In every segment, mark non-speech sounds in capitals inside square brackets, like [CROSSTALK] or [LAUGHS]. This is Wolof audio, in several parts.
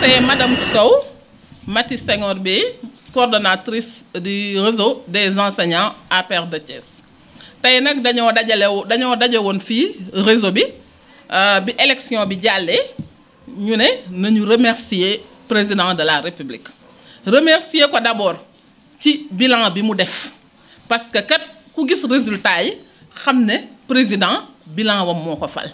c'est Madame Sow Mati Senghor bi coordonnatrice du réseau des enseignants APR de Thiès tey nag dañoo dajalew dañoo daje woon fii réseau bi euh, bi élection bi jàllee ñu ne nañu remercier président de la république remercier ko d'abord ci bilan bi mu def parce que kat ku gis résultat yi xam ne président bilan wam moo ko fal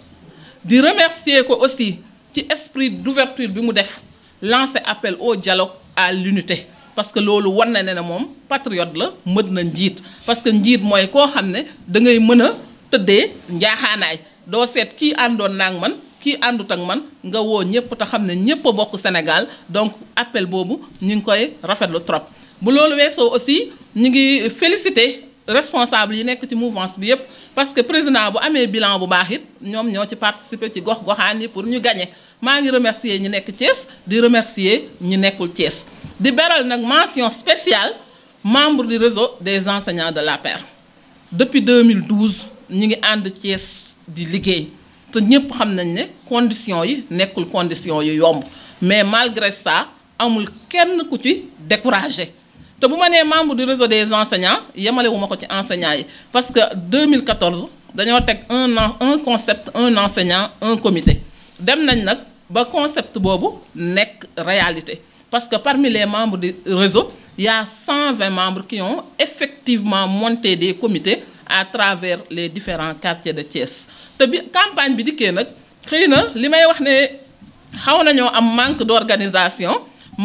di remercier ko aussi ci esprit d'ouverture bi mu def lancer appel o dialogue à l'unité parce que loolu wan na ne ne moom patriote la mën na njiit parce que njiit mooy koo xam ne da ngay mën a tëddee njaaxaanaay doo seet kii àndoon naag man kii àndut ak man nga woo ñëpp te xam ne ñëpp a bokk Sénégal donc appel boobu ñu ngi koy rafetlu trop. bu loolu weesoo aussi ñu ngi félicité responsable yi nekk ci mouvance bi yëpp parce que président bu amee bilan bu baax ñoom ñoo ci participer ci gox goxaan yi pour ñu gañe maa ngi remercier ñi nekk Thiès di remercier ñi nekkul Thiès di beral nag mention spéciale membre du réseau des enseignants de la l'APR depuis 2012 ñi ngi ànd Thiès di liggéey te ñëpp xam nañ ne conditions yi nekkul conditions yu yomb mais malgré ça amul kenn ku ci découragé te bu ma nee membre du réseau des enseignants yemale ko ci enseignants yi parce que 2014 dañoo teg un an un concept un enseignant un comité dem nañ nag ba concept boobu nekk réalité parce que parmi les membres du réseau il y a 120 membres qui ont effectivement monté des comités à travers les différents quartiers de Thiès te bi campagne bi dikkee nag xëy na li may wax ne xaw nañoo am manque d'organisation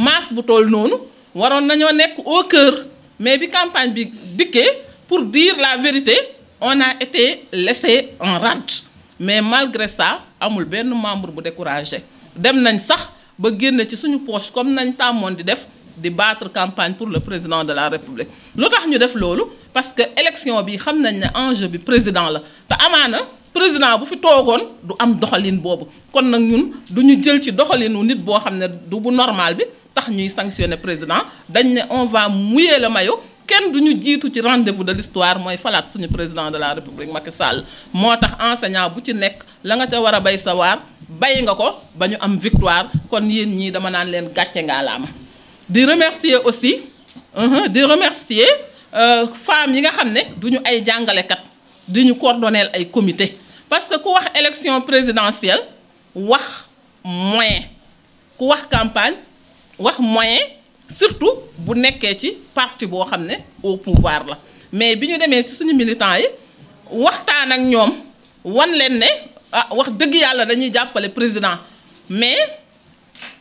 masse bu tool noonu waroon nañoo nekk au cœur mais bi campagne bi dikkee pour dire la vérité on a été laissé en rade mais malgré ça amul benn membre bu découragé dem nañ sax ba génn ci suñu poche comme nañ tàmmoon di def di battre campagne pour le président de la république lu tax ñu def loolu parce que élection bi xam nañ ne enjeu bi président la te amaana président bu fi toogoon du am doxalin boobu kon nag ñun du ñu jël ci wu nit boo xam ne du bu normal bi tax ñuy sanctionner président dañ ne on va mouiller le maillot kenn du ñu jiitu ci rendez-vous de l'histoire mooy falaat suñu président de la république Macky Sall moo tax enseignant bu ci nekk la nga ca war a bay sa waar nga ko ba ñu am victoire kon yéen ñii dama naan leen gàcce ngaa di remercier aussi uh-huh, di remercier euh, femmes yi nga xam ne du ñu ay jàngalekat di ñu coordonneel ay comité parce que ku wax élection présidentielle wax moyen ku wax campagne wax moyen surtout bu nekkee ci parti boo xam ne au pouvoir la mais bi ñu demee ci suñu militants yi waxtaan ak ñoom wan leen ne ah wax dëgg yàlla dañuy jàppale président mais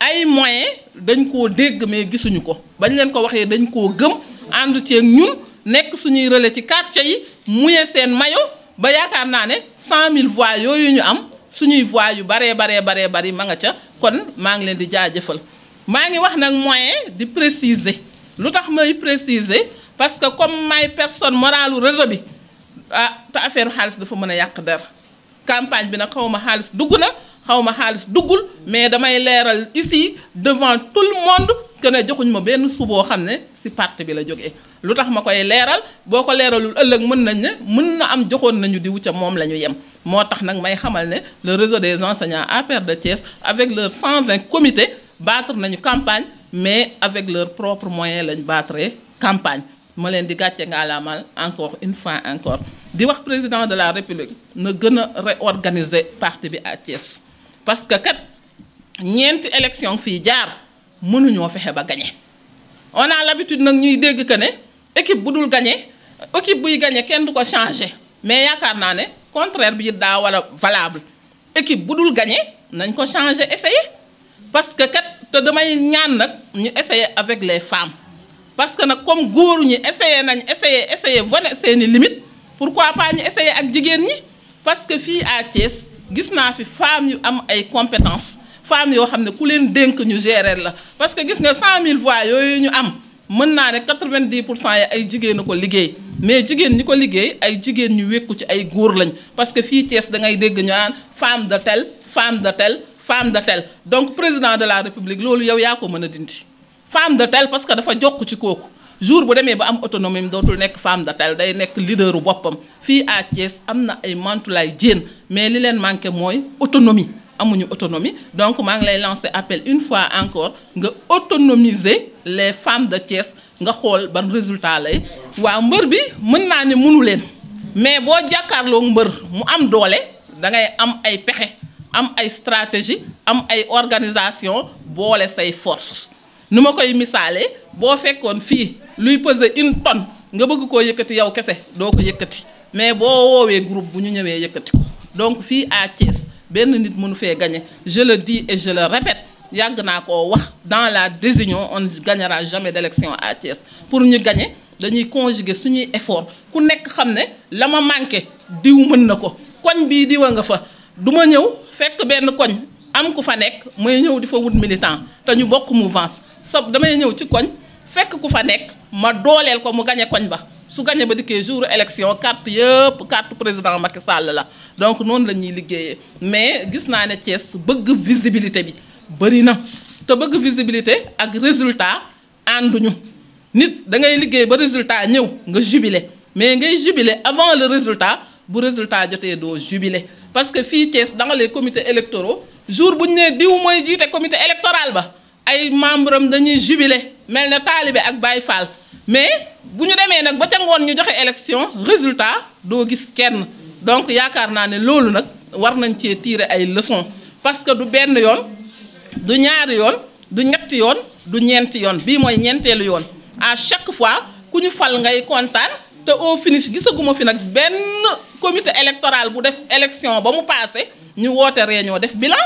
ay moyens dañ koo dégg mais gisuñu ko bañ leen ko waxee dañ koo gëm ànd ci ñun nekk suñuy relais ci quartier yi muye seen mayo ba yaakaar naa ne 100000 voix yooyu ñu am suñuy voix yu baree baree baree bari ma nga ca kon maa ngi leen di jaajëfal. maa ngi wax nag moyen di préciser lu tax may préciser parce que comme may personne morale u réseau bi ah, te affaire xaalis dafa mën a yàq dara campagne bi nag xaw ma xaalis dugg na xaw ma xaalis duggul mais damay leeral ici devant tout le monde que ne joxuñ ma benn su boo xam ne si parti bi la jógee lu tax ma koy leeral boo ko leeralul ëllëg mën nañ ne mën na am joxoon nañu diw ca moom la ñu yem moo tax nag may xamal ne le réseau des enseignants APR de Thiès avec leurs 120 comités battre nañu campagne mais avec leur propres moyen lañ battre campagne ma leen di gàcce ngaalaamal encore une fois encore di wax président de la république na gën a réorganiser parti bi à Thiès parce que kat ñeenti élection fii jaar mënuñoo fexe ba gagné on a l'habitude nag ñuy dégg que ne équipe bu dul gañe équipe buy gagné kenn du ko changé mais yaakaar naa ne contraire bi daa war a valable équipe bu dul gagné nañ ko changé essayer parce que kat te damay ñaan nag ñu essayer avec les femmes parce que nag comme góor ñu essayer nañ essayer essayer wane seeni limite pourquoi pas ñu essayer ak jigéen ñi parce que fii à Thiès gis naa fi femmes yu am ay compétences femmes yoo xam ne ku leen dénk ñu gérer la parce que gis nga mille voix yooyu ñu am mën naa ne 90 pour cent yi ay jigéenu ko liggéey mais jigéen ñi ko liggéey ay jigéen ñu wékku ci ay góor lañ parce que fii Thiès da ngay dégg ñu femme de tel femme de tel. femme de tel donc président de la république loolu yow yaa ko mën a dindi femme de tell parce que dafa jokk ci kooku jour bu demee ba am autonomie mi dootul nekk femme de tel day nekk leaderu boppam fii à Thiès am na ay Mantoulaye Diène mais li leen manqué mooy autonomie amuñu autonomie donc maa ngi lay lancer appel une fois encore nga autonomiser les femmes de Thiès nga xool ban résultat lay waa mbër bi mën naa ne mënu leen mais boo jàkkaarloo mbër mu am doole da ngay am ay pexe am ay stratégie am ay organisation boole say force nu ma koy misaalee boo fekkoon fii luy peser une tonne nga bëgg koo yëkkati yow kese doo ko yëkkati mais boo woowee groupe bu ñu ñëwee yëkkati ko donc fii à Thiès benn nit mënu fee gagner je le di et je le répète yàgg naa koo wax dans la désunion on ne gagnera jamais d'élection à pour ñu gagner dañuy conjuguer suñuy effort ku nekk xam ne la ma manqué diw mën na ko koñ bii diwa nga fa duma ñëw. fekk benn koñ am ku fa nekk may ñëw di fa wut militant te ñu bokk mu mouvance sa damay ñëw ci koñ fekk ku fa nekk ma dooleel ko mu gañe koñ ba su gañe ba dikkee jour élection carte yëpp carte président Macky Sall la donc noonu la ñuy liggéeyee mais gis naa ne Thiès bëgg visibilité bi bëri na te bëgg visibilité ak résultat ànduñu nit da ngay liggéey ba résultat ñëw nga jubilé mais ngay jubilé avant le résultat bu résultat jotee doo jubilé parce que fii Thiès da nga les comités électoraux jour bu ñu nee diw mooy jiite comité électoral ba ay membre am dañuy jubilé mel ne taalibe ak bay Fall mais bu ñu demee nag ba ca ngoon ñu joxe élection résultat doo gis kenn donc yaakaar naa ne loolu nag war nañ cee tiire ay leçons parce que du benn yoon du ñaari yoon du ñetti yoon du ñeenti yoon bii mooy ñeenteelu yoon à chaque fois ku ñu fal ngay kontaan. te au finish gisaguma fi nag benn comité électoral bu def élection ba mu paase ñu woote ñoo def bilan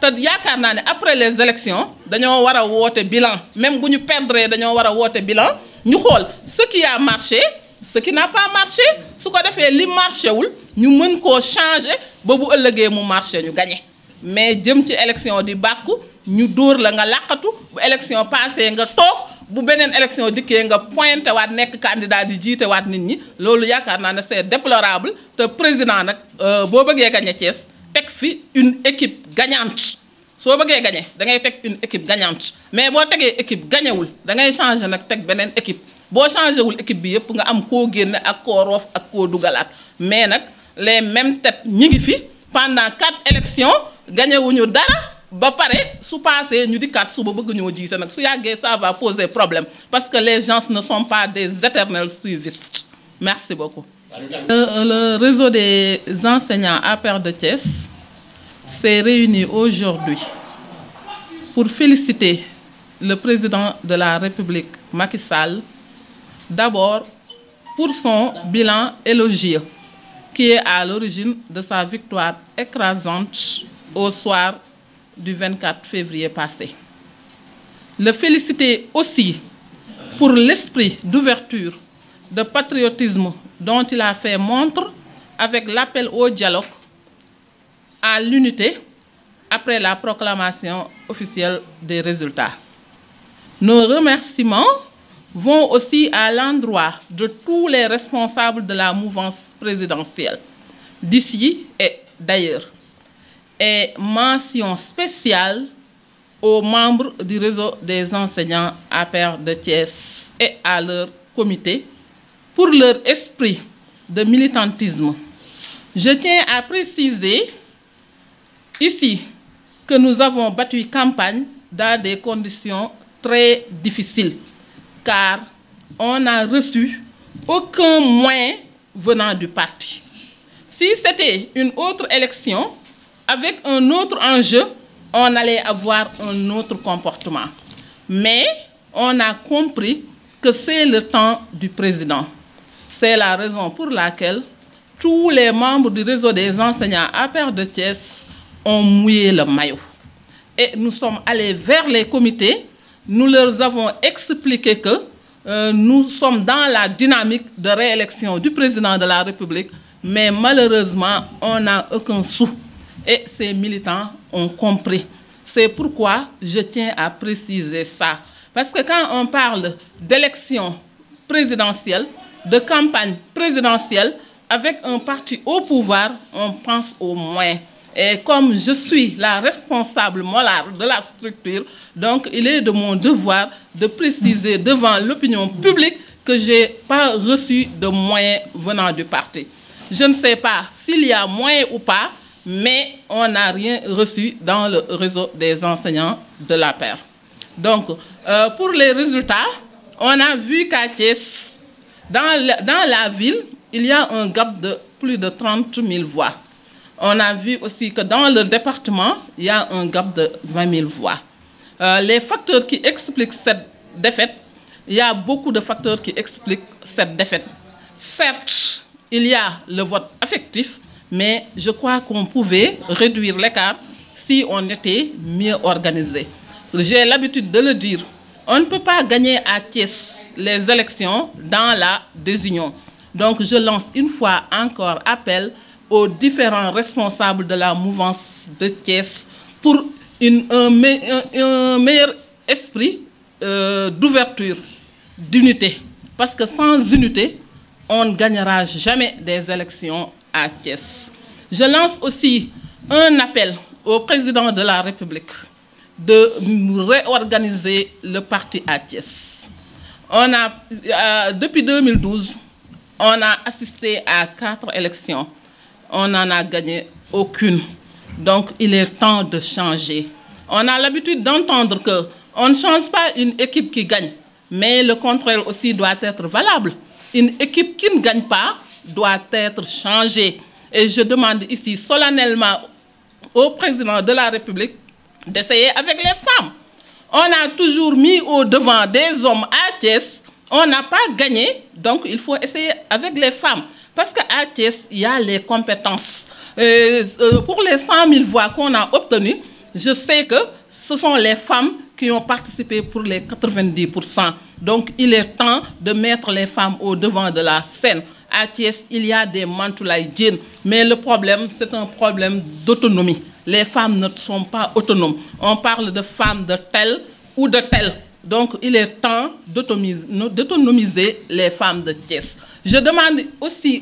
te yaakaar naa ne après les élections dañoo war a woote bilan même bu ñu perdre dañoo war a woote bilan ñu xool ce qui a marché ce qui marché su ko defee li marché wul ñu mën koo changer ba bu ëllëgee mu marché ñu gagné mais jëm ci élection di bàkku ñu dóor la nga làqatu bu élection passé nga toog bu beneen élection dikkee nga pointé waat nekk candidat di jiite waat nit ñi loolu yaakaar naa ne c'est déplorable te président nag euh, boo bëggee gagné Thiès teg fi une équipe gagnante soo bëggee gagné da ngay teg une équipe gagnante mais boo tegee équipe gagnewul da ngay changé nag teg beneen équipe boo changé wul équipe bi yëpp nga am koo génne ak koo roof ak koo dugalaat mais nag les mêmes têtes ñi ngi fi pendant quatre élections gagnewuñu dara. ba pare su paasee ñu di su ba bëgg ñoo jiite nag su yàggee sa va poser problème parce que les gens ne sont pas des éternels suivistes merci beaucoup. Euh, le, réseau des enseignants APR de Thiès s'est réuni aujourd'hui pour féliciter le président de la République Macky Sall d'abord pour son bilan élogieux qui est à l'origine de sa victoire écrasante au soir du 24 février passé. Le féliciter aussi pour l'esprit d'ouverture, de patriotisme dont il a fait montre avec l'appel au dialogue, à l'unité, après la proclamation officielle des résultats. Nos remerciements vont aussi à l'endroit de tous les responsables de la mouvance présidentielle, d'ici et d'ailleurs. et mention spéciale aux membres du réseau des enseignants à pair de Thiès et à leur comité pour leur esprit de militantisme. Je tiens à préciser ici que nous avons battu campagne dans des conditions très difficiles car on n'a reçu aucun moyen venant du parti. Si c'était une autre élection, avec un autre enjeu, on allait avoir un autre comportement. Mais on a compris que c'est le temps du président. C'est la raison pour laquelle tous les membres du réseau des enseignants à paire de Thiès ont mouillé le maillot. Et nous sommes allés vers les comités, nous leur avons expliqué que euh, nous sommes dans la dynamique de réélection du président de la République, mais malheureusement, on a aucun sou. et ces militants ont compris. C'est pourquoi je tiens à préciser ça. Parce que quand on parle d'élection présidentielle, de campagne présidentielle, avec un parti au pouvoir, on pense au moins. Et comme je suis la responsable morale de la structure, donc il est de mon devoir de préciser devant l'opinion publique que je n'ai pas reçu de moyens venant du parti. Je ne sais pas s'il y a moyen ou pas, mais on n'a rien reçu dans le réseau des enseignants de la paire. Donc, euh, pour les résultats, on a vu qu'à dans, le, dans la ville, il y a un gap de plus de 30 000 voix. On a vu aussi que dans le département, il y a un gap de 20 mille voix. Euh, les facteurs qui expliquent cette défaite, il y a beaucoup de facteurs qui expliquent cette défaite. Certes, il y a le vote affectif, mais je crois qu'on pouvait réduire l'écart si on était mieux organisé. J'ai l'habitude de le dire, on ne peut pas gagner à Thiès les élections dans la désunion. Donc je lance une fois encore appel aux différents responsables de la mouvance de Thiès pour une, un, un, un meilleur esprit euh, d'ouverture, d'unité. Parce que sans unité, on ne gagnera jamais des élections à Thiès. Je lance aussi un appel au président de la République de réorganiser le parti à Thiès. On a, euh, depuis 2012, on a assisté à quatre élections. On n'en a gagné aucune. Donc, il est temps de changer. On a l'habitude d'entendre que on ne change pas une équipe qui gagne, mais le contraire aussi doit être valable. Une équipe qui ne gagne pas doit être changé. Et je demande ici solennellement au président de la République d'essayer avec les femmes. On a toujours mis au devant des hommes à Thiès, on n'a pas gagné, donc il faut essayer avec les femmes. Parce qu'à Thiès, il y a les compétences. Et euh, euh, pour les 100 000 voix qu'on a obtenues, je sais que ce sont les femmes qui ont participé pour les Donc il est temps de mettre les femmes au devant de la scène. à Thiès, il y a des Mantoulaye Diène. Mais le problème, c'est un problème d'autonomie. Les femmes ne sont pas autonomes. On parle de femmes de telle ou de telle. Donc, il est temps d'autonomiser les femmes de Thiès. Je demande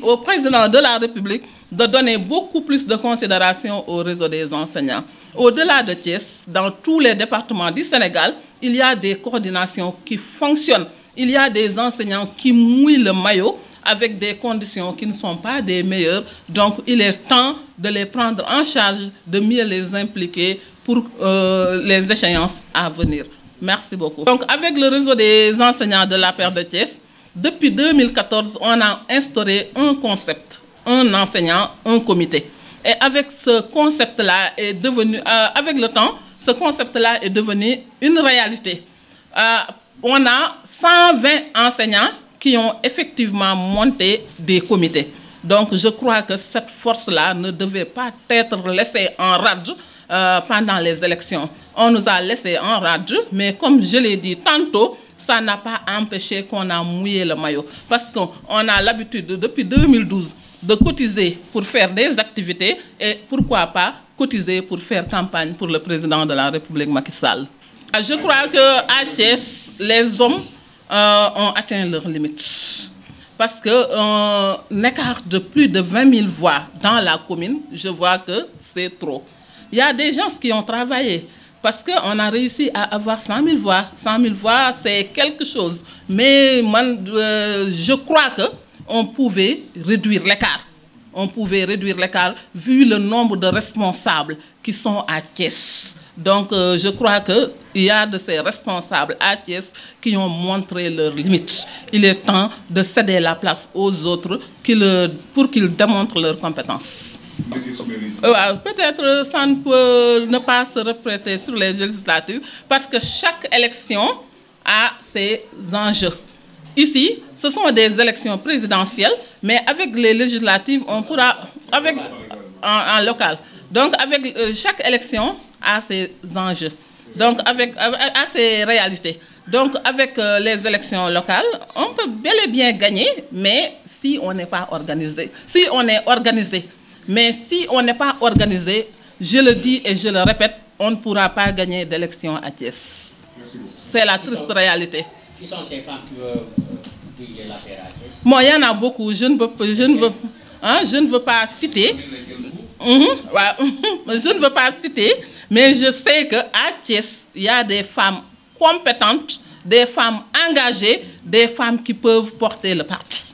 au président de la République de donner beaucoup plus de considération au réseau des enseignants. Au-delà de Thiès, dans tous les départements du Sénégal, il y a des coordinations qui fonctionnent. Il y a des enseignants qui mouillent le maillot avec des conditions qui ne sont pas des meilleures. Donc il est temps de les prendre en charge, de mieux les impliquer pour euh, les échéances à venir. Merci beaucoup. Donc avec le réseau des enseignants de la paire de Thiès, depuis 2014, on a instauré un concept, un enseignant, un comité. Et avec ce concept-là est devenu, euh, avec le temps, ce concept-là est devenu une réalité. Euh, on a 120 enseignants qui ont effectivement monté des comités. Donc je crois que cette force-là ne devait pas être laissée en rade euh, pendant les élections. On nous a laissé en rade, mais comme je l'ai dit tantôt, ça n'a pas empêché qu'on a mouillé le maillot. Parce qu'on a l'habitude, depuis 2012, de cotiser pour faire des activités et pourquoi pas cotiser pour faire campagne pour le président de la République Macky Sall. Je crois que à Thiès, les hommes Euh, ont atteint leurs limites. Parce qu'un euh, écart de plus de 20 mille voix dans la commune, je vois que c'est trop. Il y a des gens qui ont travaillé parce que a réussi à avoir 100 000 voix. 100 000 voix, c'est quelque chose. Mais euh, je crois que pouvait réduire l'écart. On pouvait réduire l'écart vu le nombre de responsables qui sont à Thiès. Donc, euh, je crois qu'il y a de ces responsables à Thiès qui ont montré leurs limites. Il est temps de céder la place aux autres qui pour qu'ils démontrent leurs compétences. Euh, ah, Peut-être euh, ça ne peut ne pas se reprêter sur les législatives parce que chaque élection a ses enjeux. Ici, ce sont des élections présidentielles, mais avec les législatives, on pourra... avec En, en local. Donc, avec euh, chaque élection, à ces enjeux, donc avec, euh, à ces réalités. Donc avec euh, les élections locales, on peut bel et bien gagner, mais si on n'est pas organisé. Si on est organisé, mais si on n'est pas organisé, je le dis et je le répète, on ne pourra pas gagner d'élection à Thiès. C'est la triste réalité. Qui sont ces femmes qui veulent euh, diriger l'affaire à Moi, il beaucoup, je ne veux, pas citer. mm je ne veux pas citer. [LAUGHS] mais je sais que à Thiès il y a des femmes compétentes des femmes engagées des femmes qui peuvent porter le parti